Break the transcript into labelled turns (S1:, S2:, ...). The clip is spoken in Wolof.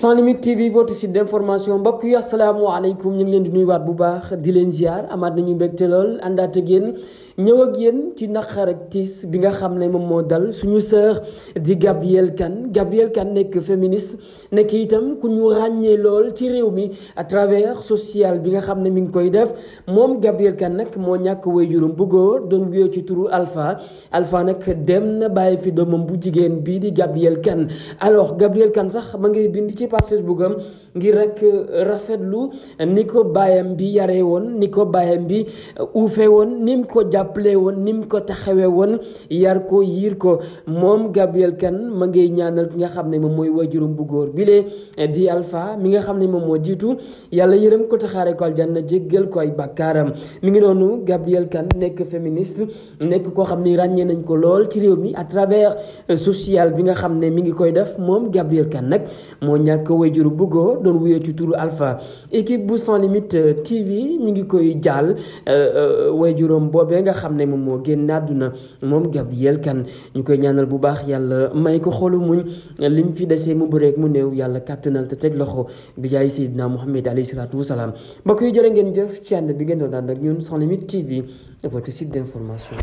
S1: sans limite TV votre site d'information mbokk yi asalaamaaleykum ñu ngi leen di nuyuwaat bu baax di leen ziar amaat na nañu mbégte lool àndaat ak yéen ñëw ak yéen ci naqar ak tiis bi nga xam ne moom moo dal suñu sœur di Gabrielle Kane Gabrielle Kane nekk féministe nekk itam ku ñu ràññee lool ci réew mi à travers social bi nga xam ne mi ngi koy def moom Gabrielle kan nag moo ñàkk waajuram bu góor doon wuyoo ci turu Alpha Alpha nag dem na bàyyi fi doomam bu jigéen bii di Gabrielle Kane alors Gabrielle kan sax ma ngi bind ci page Facebook am ngir rek euh, rafetlu ni ko baayam bi yare woon ni ko baayam bi euh, uufe woon ni jàppale woon ni mu ko taxawee woon yar ko yiir ko moom Gabrielle Kane ma ngay ñaanal ki nga xam ne moom mooy waajuram bu góor bile eh, di Alpha mi nga xam ne moom moo jiitu yàlla yërëm ko taxaare ko aljanna jéggal ko ay bàkkaaram mi ngi noonu Gabrielle Kane nekk féministe nekk koo xam ni ràññee nañ ko lool ci réew mi à travers eh, social bi nga xam ne mi ngi koy def moom Gabrielle Kane nag moo ñàkk waajuru bu góor doon wuyee ci turu Alpha équipe bu sans limite eh, TV ñu ngi koy jaal waajuram boobee xam ne moom moo génn àdduna moom Gabrielle Kane ñu koy ñaanal bu baax yàlla may ko xolu muñ liñ fi desee mu bëreek mu néew yàlla kàttanal te teg loxo bi jaay Seydina Mouhamed alayhi salaatu wasalaam mbokk yi jële ngeen jëf ci ànd bi ngeen doon a ak ñun sans limite TV votre site d'information